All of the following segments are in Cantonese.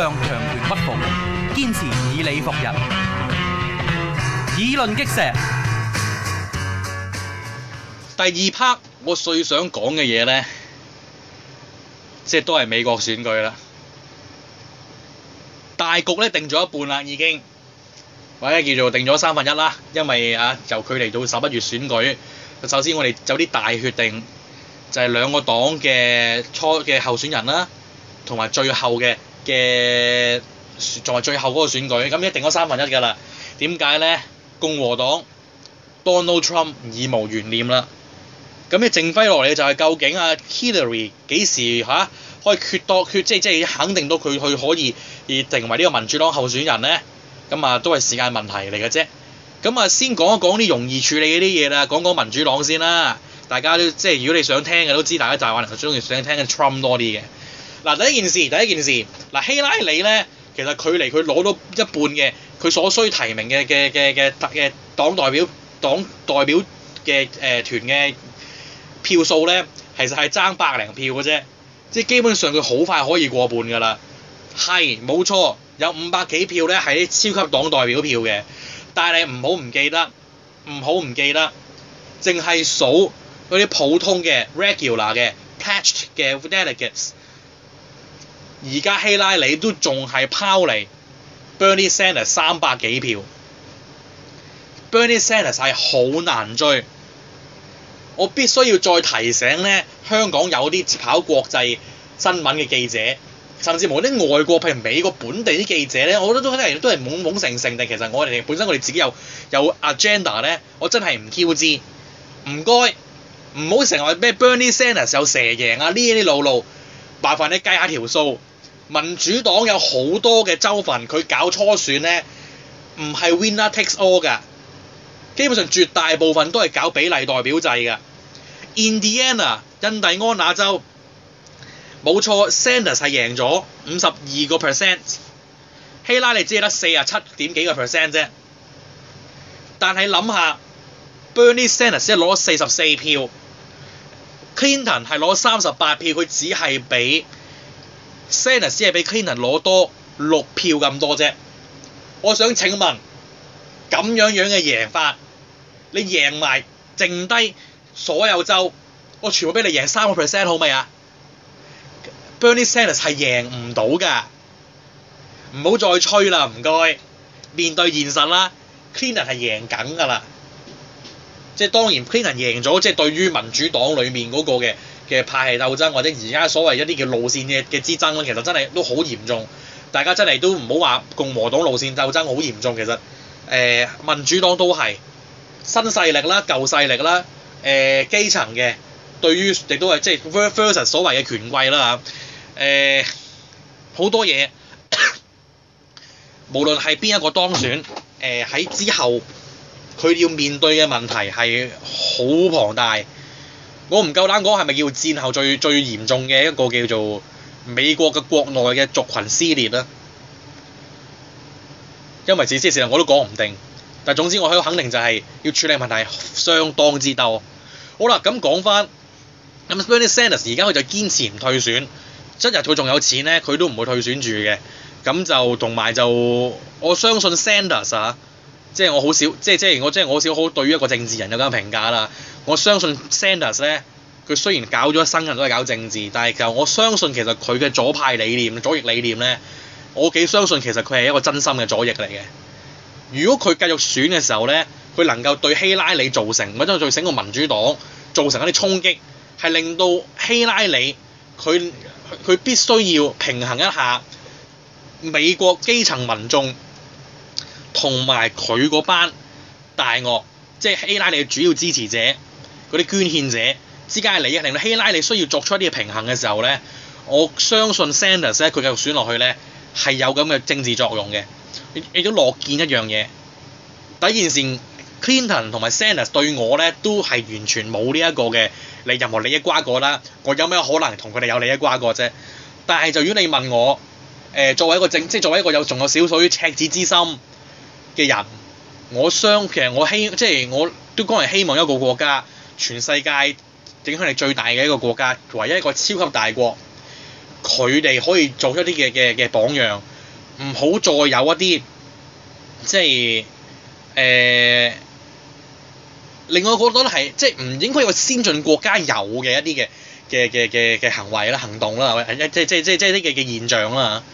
向強權屈服，堅持以理服人，議論擊石。第二 part 我最想講嘅嘢呢，即係都係美國選舉啦。大局呢定咗一半啦，已經或者叫做定咗三分一啦。因為啊，由距離到十一月選舉，首先我哋有啲大決定，就係兩個黨嘅初嘅候選人啦，同埋最後嘅。嘅仲係最後嗰個選舉，咁一定嗰三分一㗎啦。點解咧？共和黨 Donald Trump 已無懸念啦。咁你剩翻落嚟就係究竟啊 Hillary 幾時嚇可以決多決，即係即係肯定到佢佢可以而成為呢個民主黨候選人咧？咁啊都係時間問題嚟嘅啫。咁啊先講,講一講啲容易處理嗰啲嘢啦，講講民主黨先啦。大家都即係如果你想聽嘅都知道，大家就係話其實最中意想聽嘅 Trump 多啲嘅。嗱第一件事，第一件事，嗱希拉里咧，其實距離佢攞到一半嘅佢所需提名嘅嘅嘅嘅特嘅黨代表，黨代表嘅誒團嘅票數咧，其實係爭百零票嘅啫，即係基本上佢好快可以過半噶啦。係冇錯，有五百幾票咧係啲超級黨代表票嘅，但係唔好唔記得，唔好唔記得，淨係數嗰啲普通嘅 regular 嘅 pledged 嘅 delegates。而家希拉里都仲係拋離，Bernie Sanders 三百幾票，Bernie Sanders 係好難追。我必須要再提醒咧，香港有啲接跑國際新聞嘅記者，甚至無啲外國譬如美國本地啲記者咧，我覺得都係都係懵懵成成。但其實我哋本身我哋自己有有 agenda 咧，我真係唔 q 知。唔該，唔好成日話咩 Bernie Sanders 有蛇贏啊呢啲路路，麻煩你計下條數。民主黨有好多嘅州份，佢搞初選呢，唔係 winner takes all 㗎，基本上絕大部分都係搞比例代表制㗎。Indiana 印第安納州，冇錯，Sanders 係贏咗五十二個 percent，希拉里只係得四啊七點幾個 percent 啫。但係諗下，Bernie Sanders 只係攞咗四十四票，Clinton 係攞三十八票，佢只係比。Sanders 只係比 Clinton 攞多六票咁多啫。我想請問咁樣樣嘅贏法，你贏埋剩低所有州，我全部俾你贏三個 percent 好未啊？Bernie Sanders 係贏唔到㗎，唔好再吹啦，唔該。面對現實啦，Clinton 係贏緊㗎啦。即係當然，Clinton 贏咗，即係對於民主黨裡面嗰個嘅，嘅派系鬥爭或者而家所謂一啲叫路線嘅嘅之爭，其實真係都好嚴重。大家真係都唔好話共和黨路線鬥爭好嚴重，其實，誒、呃、民主黨都係新勢力啦、舊勢力啦、誒、呃、基層嘅對於亦都係即係 first person 所謂嘅權貴啦吓，誒、呃、好多嘢，無論係邊一個當選，誒、呃，喺之後，佢要面對嘅問題係好龐大。我唔夠膽講，係咪叫戰後最最嚴重嘅一個叫做美國嘅國內嘅族群撕裂咧？因為這些事我都講唔定，但係總之我可以肯定就係要處理問題相當之多。好啦，咁講翻咁，雖然啲 Sanders 而家佢就堅持唔退選，一日佢仲有錢咧，佢都唔會退選住嘅。咁就同埋就我相信 Sanders 啊！即係我好少，即係即係我即係我少好對於一個政治人有咁樣嘅評價啦。我相信 Sanders 咧，佢雖然搞咗一生都係搞政治，但係就我相信其實佢嘅左派理念、左翼理念咧，我幾相信其實佢係一個真心嘅左翼嚟嘅。如果佢繼續選嘅時候咧，佢能夠對希拉里造成，或者對整個民主黨造成一啲衝擊，係令到希拉里佢佢必須要平衡一下美國基層民眾。同埋佢嗰班大鱷，即係希拉里嘅主要支持者、嗰啲捐獻者之間嘅利益嚟。令希拉里需要作出一啲嘅平衡嘅時候咧，我相信 Sanders 咧，佢繼續選落去咧係有咁嘅政治作用嘅。你都樂見一樣嘢，第一件事，Clinton 同埋 Sanders 對我咧都係完全冇呢一個嘅你任何利益瓜葛啦。我有咩可能同佢哋有利益瓜葛啫？但係就如果你問我，誒作為一個政，即係作為一個有仲有少少赤子之心，嘅人，我相其實我希即係我都講係希望一個國家，全世界影響力最大嘅一個國家，唯一一個超級大國，佢哋可以做出一啲嘅嘅嘅榜樣，唔好再有一啲即係誒另外我覺得係即係唔應該有先進國家有嘅一啲嘅嘅嘅嘅嘅行為啦、行動啦，係即即即即係啲嘅嘅現象啦，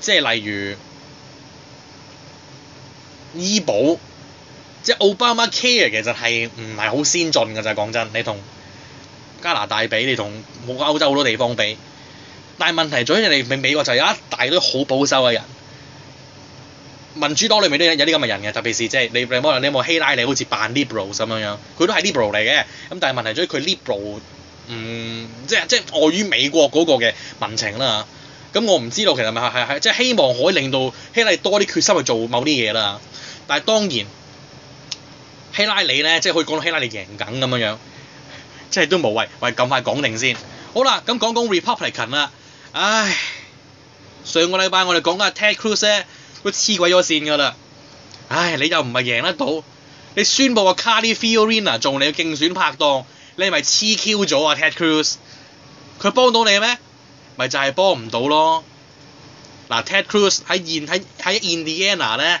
即係例如。醫保即係奧巴馬 care 其實係唔係好先進㗎啫，講真，你同加拿大比，你同冇歐洲好多地方比。但係問題是在於你美美國就有一大堆好保守嘅人。民主黨裏面都有啲咁嘅人嘅，特別是即係你你可你有冇希拉里好似扮 liberal 咁樣樣，佢都係 liberal 嚟嘅。咁但係問題是在於佢 liberal 唔、嗯、即係即係礙於美國嗰個嘅民情啦，咁我唔知道其實咪係係即係希望可以令到希拉多啲決心去做某啲嘢啦。但係當然希拉里咧，即係可以講到希拉里贏緊咁樣，即係都無謂喂咁快講定先。好啦，咁講講 Republican 啦，唉，上個禮拜我哋講緊 Ted Cruz 都黐鬼咗線㗎啦，唉，你又唔係贏得到，你宣佈阿 Carly Fiorina 做你嘅競選拍檔，你係咪黐 Q 咗啊？Ted Cruz，佢幫到你咩？咪就係幫唔到咯。嗱，Ted Cruz 喺現喺喺 Indiana 咧。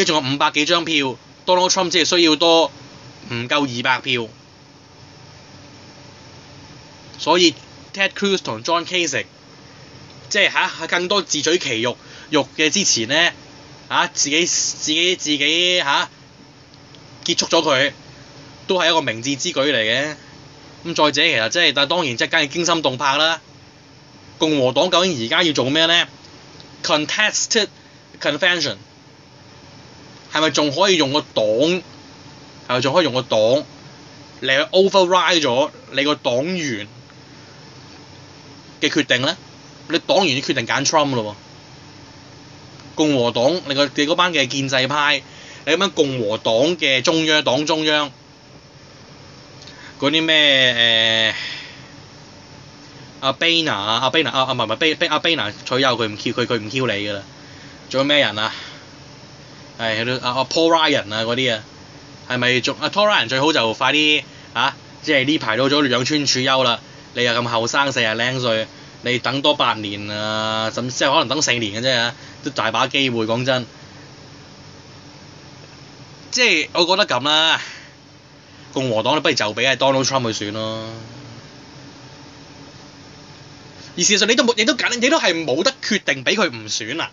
而家仲有五百幾張票，Donald Trump 即係需要多唔夠二百票，所以 Ted Cruz 同 John Kasich 即係嚇更多自取其辱辱嘅之前咧嚇自己自己自己嚇、啊、結束咗佢，都係一個明智之舉嚟嘅。咁再者其實即、就、係、是、但係當然即係梗係驚心動魄啦。共和黨究竟而家要做咩咧？Contested Convention。係咪仲可以用個黨？係咪仲可以用個黨嚟去 override 咗你個黨員嘅決定咧？你黨員要決定揀 Trump 咯喎！共和黨，你個你嗰班嘅建制派，你咁樣共和黨嘅中央黨中央嗰啲咩誒？阿貝納阿貝納 a 阿唔係唔係貝阿貝納退休，佢唔 q 佢佢唔 q 你㗎啦！啊 Bainer，啊、Bainer，仲有咩人啊？係、哎，嗰啲啊啊，Paul Ryan 啊嗰啲啊，係咪仲啊 Paul Ryan 最好就快啲啊！即係呢排到咗兩川處優啦，你又咁後生四十零歲，你等多八年啊，甚至係可能等四年嘅啫、啊，都大把機會講真。即係我覺得咁啦、啊，共和黨都不如就俾 Donald Trump 去選咯。而事實上你，你都冇，你都你都係冇得決定俾佢唔選啊！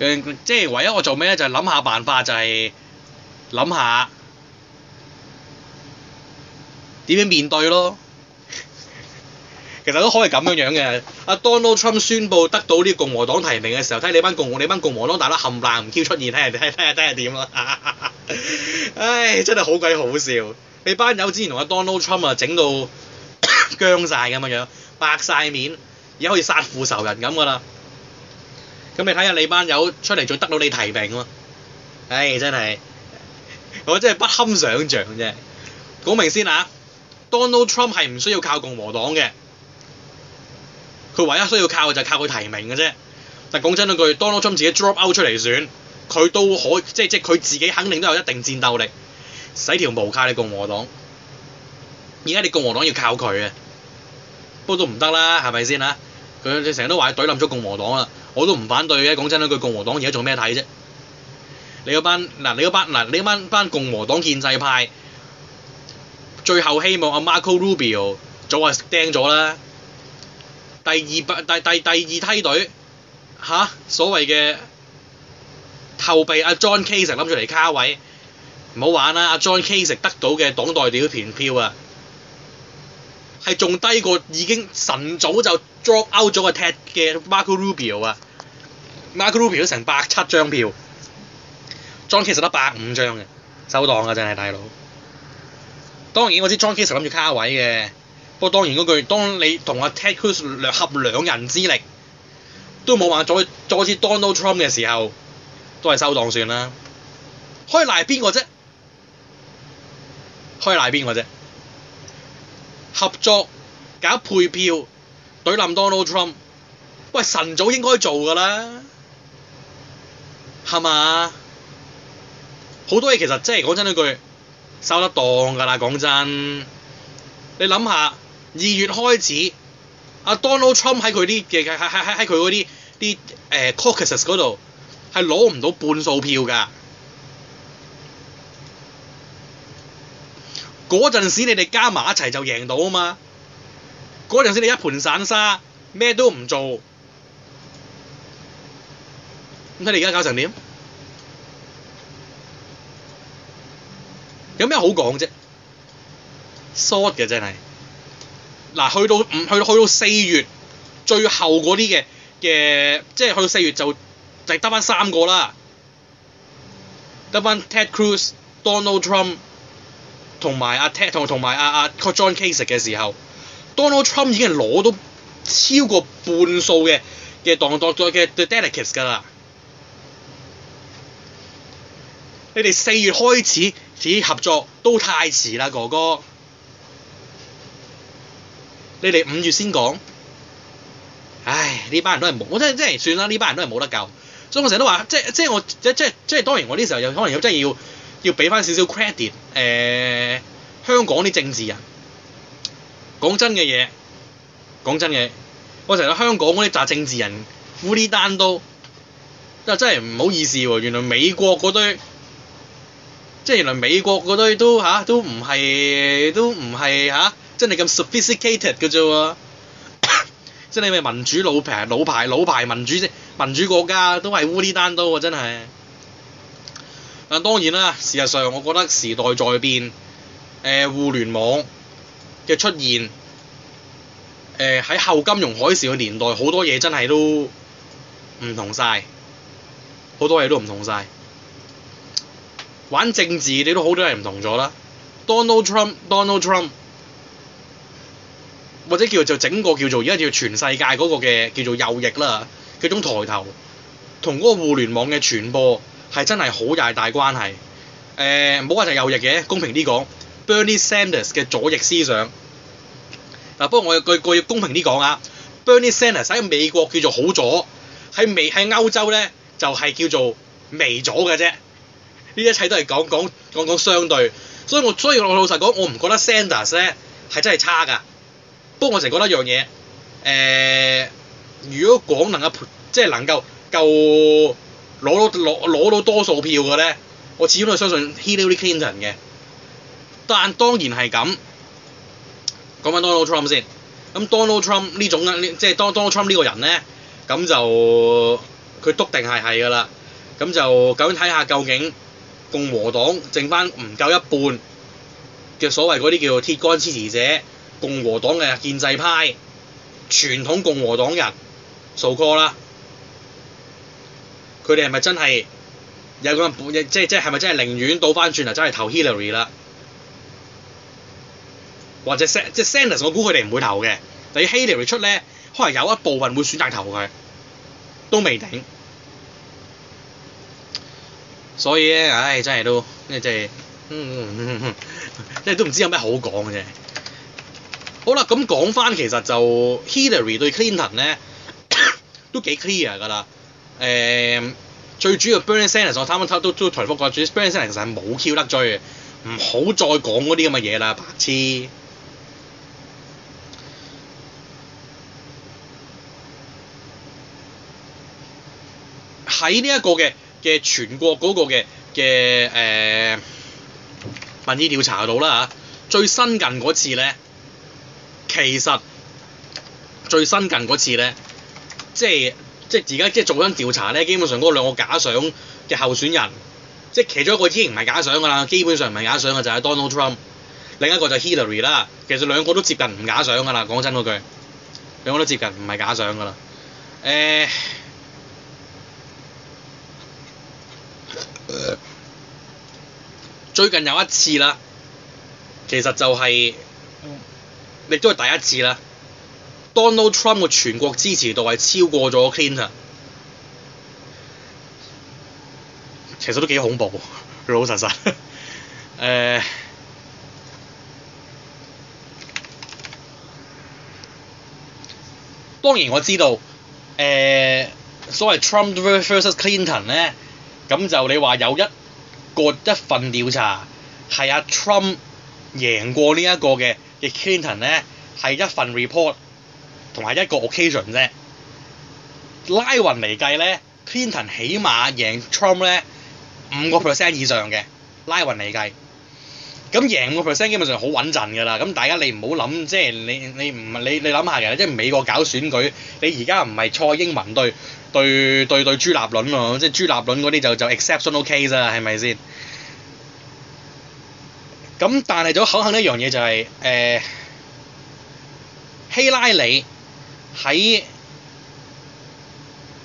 即、就、係、是、唯一我做咩咧？就係、是、諗下辦法，就係、是、諗下點樣面對咯。其實都可以咁樣樣嘅。阿、 啊、Donald Trump 宣佈得到呢個共和黨提名嘅時候，睇你班共你班共和黨大佬冚唪唥唔叫出現，睇下睇睇睇人點啦。唉、哎，真係好鬼好笑。你班友之前同阿 Donald Trump 啊整到僵晒咁樣樣，白晒面，而家好似殺父仇人咁噶啦。咁你睇下你班友出嚟仲得到你提名咯？唉、哎，真係我真係不堪想像啫！講明先啊，Donald Trump 係唔需要靠共和黨嘅，佢唯一需要靠嘅就係靠佢提名嘅啫。但講真嗰句，Donald Trump 自己 drop out 出嚟選，佢都可即係即係佢自己肯定都有一定戰鬥力，使條毛卡你共和黨。而家你共和黨要靠佢啊，都不過都唔得啦，係咪先啊？佢成日都話佢懟冧咗共和黨啦。我都唔反對嘅，講真一句，共和黨而家做咩睇啫？你嗰班嗱，你嗰班嗱，你嗰班班共和黨建制派，最後希望阿 Marco Rubio 早係釘咗啦。第二第第第二梯隊，吓，所謂嘅後備阿 John Kasich 諗住嚟卡位，唔好玩啦！阿 John Kasich 得到嘅黨代表團票啊，係仲低過已經晨早就。drop out 咗嘅 Ted 嘅 Marco Rubio 啊，Marco Rubio 都成百七張票，John Kasich 得百五張嘅，收檔啊，真係大佬。當然我知 John Kasich 諗住卡位嘅，不過當然嗰句，當你同阿 Ted Cruz 合兩人之力，都冇話再再次 Donald Trump 嘅時候，都係收檔算啦。可以賴邊個啫？可以賴邊個啫？合作搞配票。懟冧 Donald Trump，喂神早應該做噶啦，係嘛？好多嘢其實即真係講真嗰句，收得檔噶啦，講真。你諗下，二月開始，阿 Donald Trump 喺佢啲嘅喺喺喺佢嗰啲啲誒 Caucus 嗰度，係攞唔到半數票噶。嗰陣時你哋加埋一齊就贏到啊嘛！嗰陣你一盤散沙，咩都唔做，咁睇你而家搞成點？有咩好講啫？short 嘅真係，嗱去到唔去到去到四月最後嗰啲嘅嘅，即係去到四月就就得翻三個啦，得翻 Ted Cruz、Donald Trump 同埋阿 Ted 同同埋阿阿 John Kasich 嘅時候。Donald Trump 已經攞到超過半數嘅嘅當作作嘅 delegates 嘅啦。你哋四月開始始合作都太遲啦，哥哥。你哋五月先講。唉，呢班人都係冇，我真真係、即係、算啦。呢班人都係冇得救。所以我成日都話，即、就、即、是就是，我即即即當然我呢時候有可能有真係要要俾翻少少 credit 誒、呃、香港啲政治人，講真嘅嘢，講真嘅，我成日香港嗰啲砸政治人烏哩單刀，真係唔好意思喎、啊。原來美國嗰堆，即係原來美國嗰堆都吓都唔係都唔係吓，真係咁 sophisticated 嘅啫喎。即係你咪民主老牌老牌老牌民主啫，民主國家都係烏哩單刀喎、啊，真係。但係當然啦，事實上我覺得時代在變，誒、呃、互聯網嘅出現，呃，喺後金融海嘯嘅年代，好多嘢真係都唔同晒。好多嘢都唔同晒。玩政治你都好多嘢唔同咗啦，Donald Trump，Donald Trump，或者叫做整個叫做而家叫全世界嗰個嘅叫做右翼啦，嗰種抬頭同嗰個互聯網嘅傳播係真係好大大關係。呃，唔好話就右翼嘅，公平啲講，Bernie Sanders 嘅左翼思想。嗱，不過我句句要公平啲講啊，Bernie Sanders 喺美國叫做好左，喺美喺歐洲咧就係、是、叫做微左嘅啫。呢一切都係講講講講相對，所以我所以我老實講，我唔覺得 Sanders 咧係真係差㗎。不過我成日覺得一樣嘢，誒、呃，如果講能夠即係能夠夠攞到攞攞到多數票嘅咧，我始終都係相信 Hillary Clinton 嘅。但當然係咁。講翻 Donald Trump 先，咁 Donald Trump 呢種咧，即係 Donald Trump 呢個人咧，咁就佢篤定係係㗎啦。咁就究竟睇下究竟共和黨剩翻唔夠一半嘅所謂嗰啲叫做鐵杆支持者、共和黨嘅建制派、傳統共和黨人數過啦，佢哋係咪真係有咁嘅本？即係即係係咪真係寧願倒翻轉頭真係投 Hillary 啦？或者 send 即係 Sanders，我估佢哋唔會投嘅。但係 Hillary 出咧，可能有一部分會選擇投佢，都未定。所以咧，唉，真係都即係，嗯，即係都唔知有咩好講嘅啫。好啦，咁講翻其實就 Hillary 對 Clinton 咧都幾 clear 㗎啦。誒，最主要 Bernie Sanders，我睇翻 cut 都都台復講，最 Bernie Sanders 其實係冇 Q 得追嘅，唔好再講嗰啲咁嘅嘢啦，白痴。喺呢一個嘅嘅全國嗰個嘅嘅誒民意調查度啦嚇，最新近嗰次咧，其實最新近嗰次咧，即係即係而家即係做緊調查咧，基本上嗰兩個假想嘅候選人，即係其中一個已經唔係假想㗎啦，基本上唔係假想嘅就係、是、Donald Trump，另一個就係 Hillary 啦，其實兩個都接近唔假想㗎啦，講真嗰句，兩個都接近唔係假想㗎啦，誒、呃。最近有一次啦，其實就係、是、亦都係第一次啦。Donald Trump 嘅全國支持度係超過咗 Clinton，其實都幾恐怖，老實實。誒、呃，當然我知道誒、呃、所謂 Trump versus Clinton 呢。咁就你話有一個一份調查係阿 Trump 贏過呢一個嘅亦係 Clinton 咧，係一份 report 同埋一個 occasion 啫。拉勻嚟計咧，Clinton 起碼贏 Trump 咧五個 percent 以上嘅，拉勻嚟計。咁贏五個 percent 基本上係好穩陣㗎啦。咁大家你唔好諗，即係你你唔係你你諗下嘅，即係美國搞選舉，你而家唔係蔡英文對。對，對對對，朱立倫喎，即係朱立倫嗰啲就就 exceptional case 啦，係咪先？咁但係就肯定一樣嘢就係誒希拉里喺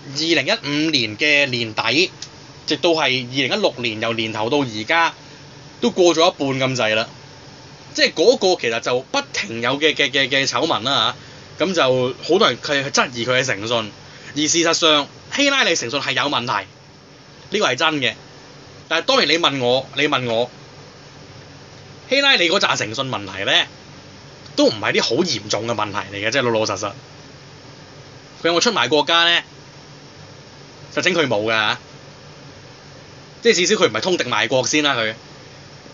二零一五年嘅年底，直到係二零一六年由年頭到而家都過咗一半咁滯啦，即係嗰個其實就不停有嘅嘅嘅嘅醜聞啦嚇，咁就好多人佢質疑佢嘅誠信。而事實上，希拉里誠信係有問題，呢、這個係真嘅。但係當然你問我，你問我，希拉里嗰紮誠信問題咧，都唔係啲好嚴重嘅問題嚟嘅，即係老老實實。佢有冇出賣國家咧？實情佢冇㗎，即係至少佢唔係通敵賣國先啦、啊。佢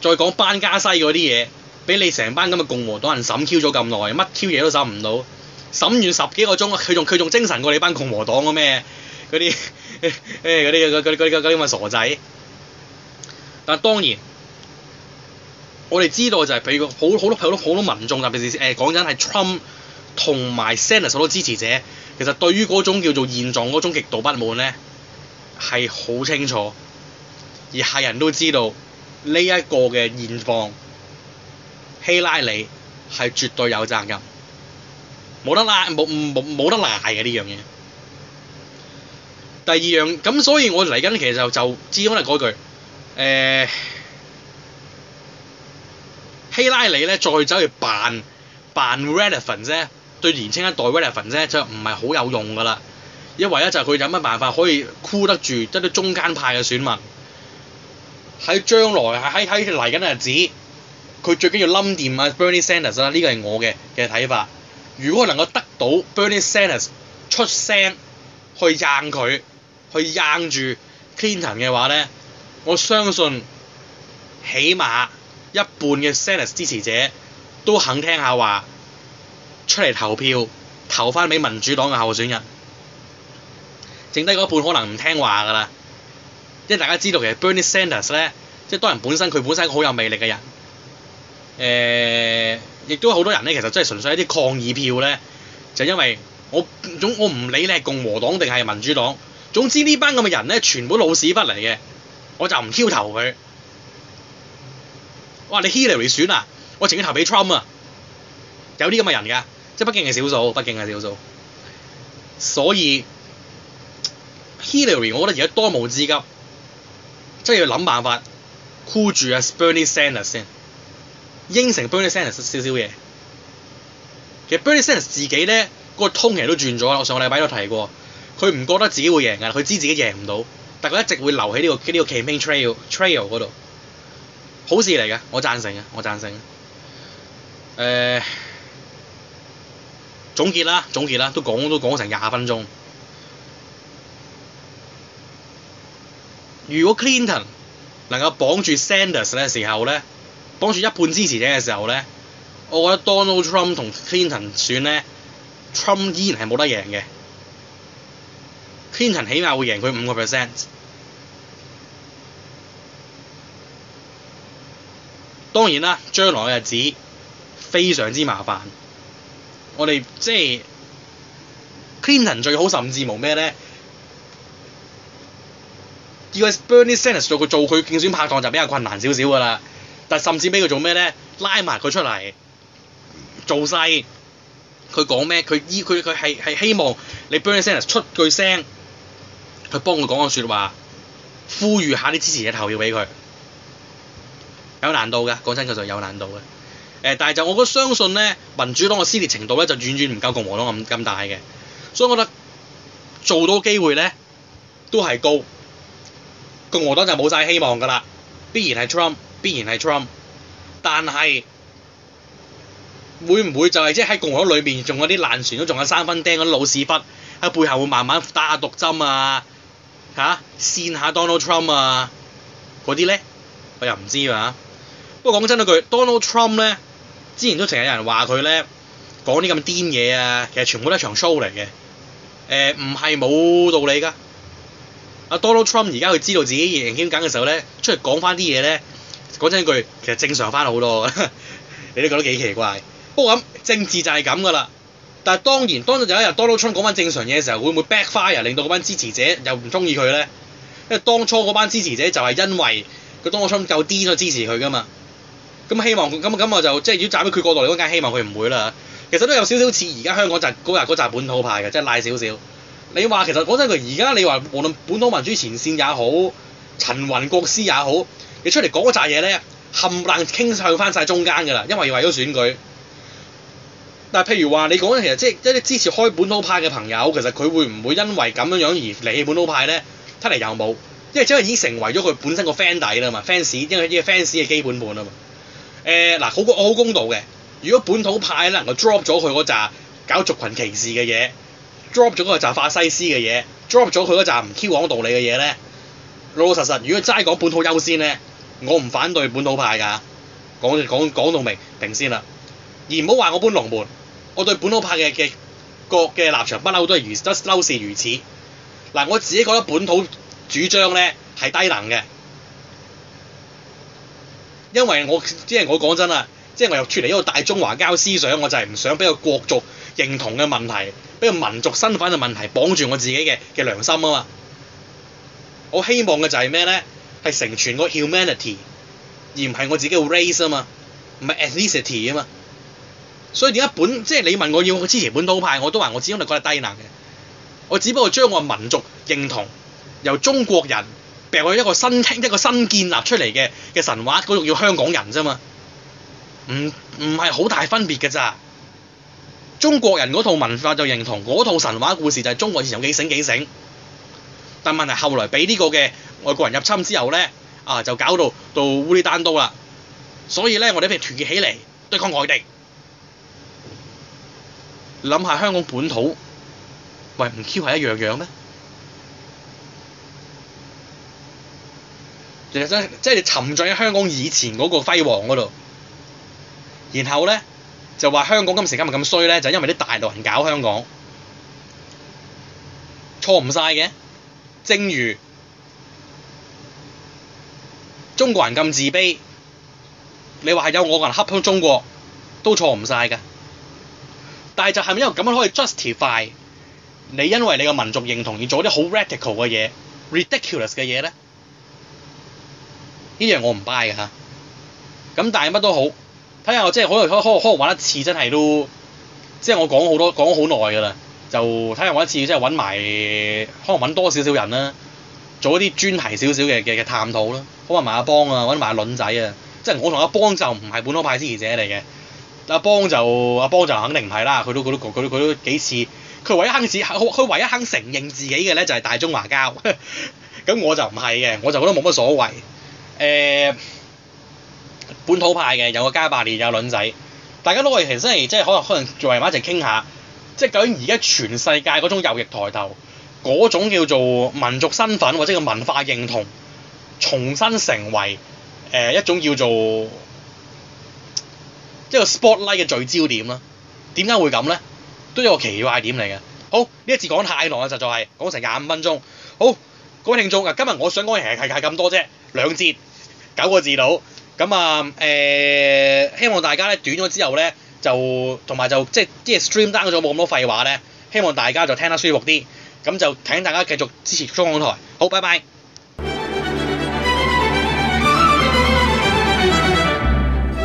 再講班加西嗰啲嘢，俾你成班咁嘅共和黨人審 Q 咗咁耐，乜 Q 嘢都審唔到。審完十幾個鐘，佢仲佢仲精神過你班共和黨嘅？咩嗰啲誒嗰啲啲啲咁嘅傻仔。但係當然，我哋知道就係譬如好好多好多好多民眾，特別是誒講真係 Trump 同埋 Sanders 所有支持者，其實對於嗰種叫做現狀嗰種極度不滿咧係好清楚，而係人都知道呢一、這個嘅現況，希拉里係絕對有責任。冇得拉，冇冇冇得賴嘅呢樣嘢。第二樣咁，所以我嚟緊其實就就只可以講句誒希拉里咧，再走去扮扮 relevant 啫，對年青一代 relevant 啫，就唔係好有用㗎啦。因為咧就係佢有乜辦法可以箍得住得啲中間派嘅選民喺將來，喺喺嚟緊日子，佢最緊要冧掂阿 Bernie Sanders 啦。呢個係我嘅嘅睇法。如果能夠得到 Bernie Sanders 出聲去硬佢，去硬住 Clinton 嘅話咧，我相信起碼一半嘅 Sanders 支持者都肯聽一下話，出嚟投票投翻俾民主黨嘅候選人，剩低嗰半可能唔聽話噶啦。即大家知道其實 Bernie Sanders 咧，即係當人本身佢本身係個好有魅力嘅人，呃亦都好多人咧，其實真係純粹一啲抗議票咧，就因為我總我唔理你係共和黨定係民主黨，總之這呢班咁嘅人咧，全部老屎忽嚟嘅，我就唔挑頭佢。我話你 Hillary 選啊，我情願投俾 Trump 啊，有啲咁嘅人㗎，即係畢竟係少數，畢竟係少數。所以 Hillary，我覺得而家當務之急，即係要諗辦法箍住啊 Bernie Sanders 先。應承 Bernie Sanders 少少嘢，其實 Bernie Sanders 自己呢、那個通其實都轉咗啦。我上個禮拜都提過，佢唔覺得自己會贏噶啦，佢知自己贏唔到，但佢一直會留喺呢、這個呢、這個 campaign trail trail 嗰度，好事嚟嘅，我贊成啊，我贊成。誒、uh，總結啦，總結啦，都講都講成廿分鐘。如果 Clinton 能夠綁住 Sanders 咧時候呢。當住一半支持者嘅時候咧，我覺得 Donald Trump 同 Clinton 選咧，Trump 依然係冇得贏嘅。Clinton 起碼會贏佢五個 percent。當然啦，將來嘅日子非常之麻煩。我哋即係 Clinton 最好，甚至無咩咧，要係 Bernie Sanders 做佢做佢競選拍檔就比較困難少少㗎啦。但甚至俾佢做咩咧？拉埋佢出嚟做晒，佢講咩？佢依佢佢係係希望你 Bernie Sanders 出句聲，去幫佢講個說話，呼籲一下啲支持者投票俾佢，有難度嘅，講真佢就有難度嘅。但係就我覺得相信咧，民主黨嘅撕裂程度咧就遠遠唔夠共和黨咁咁大嘅，所以我覺得做到機會咧都係高，共和黨就冇晒希望㗎啦，必然係 Trump。必然係 Trump，但係會唔會就係即係喺共和黨裏邊仲有啲爛船，都仲有三分釘嗰啲老屎忽喺背後會慢慢打下毒針啊嚇，線、啊、下 Donald Trump 啊嗰啲咧，我又唔知啊。不過講真一句 Donald Trump 咧，之前都成日有人話佢咧講啲咁癲嘢啊，其實全部都係場 show 嚟嘅。誒唔係冇道理㗎。阿 Donald Trump 而家佢知道自己贏緊嘅時候咧，出嚟講翻啲嘢咧。講真一句，其實正常翻好多，你都覺得幾奇怪。不過咁政治就係咁噶啦。但係當然，當有一日 Donald Trump 講翻正常嘢嘅時候，會唔會 backfire，令到嗰班支持者又唔中意佢咧？因為當初嗰班支持者就係因為佢 Donald Trump 夠癲，所以支持佢噶嘛。咁希望咁咁我就即係如果站喺佢角度嚟講，梗係希望佢唔會啦。其實都有少少似而家香港就嗰日嗰集本土派嘅，即係拉少少。你話其實講真句，而家你話無論本土民主前線也好，陳雲國師也好。你出嚟講嗰扎嘢咧，冚唪唥傾向翻晒中間㗎啦，因為為咗選舉。但係譬如話，你講咧，其實即係一啲支持開本土派嘅朋友，其實佢會唔會因為咁樣樣而離本土派咧？出嚟又冇，因為真係已經成為咗佢本身個 friend 底啦嘛，fans，因為呢個 fans 嘅基本本啊嘛。誒、呃、嗱，好，我好公道嘅，如果本土派咧能夠 drop 咗佢嗰紮搞族群歧視嘅嘢，drop 咗嗰紮法西斯嘅嘢，drop 咗佢嗰扎唔 q 講道理嘅嘢咧，老老實實，如果齋講本土優先咧。我唔反對本土派㗎，講講講到明定先啦，而唔好話我搬龍門。我對本土派嘅嘅個嘅立場不嬲都係如都嬲是如此。嗱，我自己覺得本土主張咧係低能嘅，因為我即係我講真啦，即係我由出嚟，一個大中華交思想，我就係唔想俾個國族認同嘅問題，俾個民族身份嘅問題綁住我自己嘅嘅良心啊嘛。我希望嘅就係咩咧？係成全個 humanity，而唔係我自己嘅 race 啊嘛，唔係 ethnicity 啊嘛。所以點解本即係你問我要支持本土派，我都話我始終都覺得低能嘅。我只不過將我民族認同由中國人掟去一個新一個新建立出嚟嘅嘅神話，嗰度叫香港人啫嘛。唔唔係好大分別嘅咋。中國人嗰套文化就認同嗰套神話故事，就係中國以前有幾醒幾醒。但係問題是後來俾呢個嘅。外國人入侵之後呢，啊就搞到到烏哩單刀啦，所以呢，我哋一定要團結起嚟對抗外敵，諗下香港本土，喂唔 Q 係一樣樣咩？其實真係即係沉醉喺香港以前嗰個輝煌嗰度，然後呢，就話香港今時今日咁衰呢，就因為啲大陸人搞香港，錯唔晒嘅，正如。中國人咁自卑，你話係有我個人黑中中國都錯唔晒㗎。但係就係咪因為咁樣可以 justify 你因為你個民族認同而做啲好 radical 嘅嘢、ridiculous 嘅嘢咧？呢樣我唔 buy 㗎嚇。咁但係乜都好，睇下我即係可能可能可可玩一次真係都，即係我講好多講好耐㗎啦，就睇下玩一次即係揾埋可能揾多少少人啦。做一啲專題少少嘅嘅嘅探討啦。講埋埋阿邦啊，揾埋阿卵仔啊，即係我同阿邦就唔係本土派支持者嚟嘅，阿邦就阿邦就肯定唔係啦，佢都佢都佢佢都，都，都幾次，佢唯一肯佢唯一肯承認自己嘅咧就係大中華膠，咁我就唔係嘅，我就覺得冇乜所謂，誒、呃、本土派嘅有個加百列，有，個有個卵仔，大家攞嚟其實真係即係可能可能做埋一齊傾下，即係究竟而家全世界嗰種右翼抬頭。嗰種叫做民族身份或者個文化認同，重新成為、呃、一種叫做即個 spotlight 嘅聚焦點啦。點解會咁咧？都有個奇怪點嚟嘅。好，呢一次講太耐啦，實在係講成廿五分鐘。好，各位聽眾啊，今日我想講其實係係咁多啫，兩節九個字到咁啊、呃，希望大家咧短咗之後咧就同埋就即係、即係、stream down 咗冇咁多廢話咧，希望大家就聽得舒服啲。咁就請大家繼續支持中港台，好，拜拜。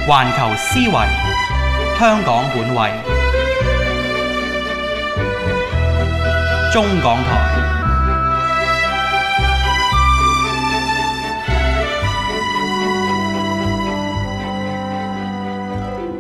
環球思維，香港本位，中港台。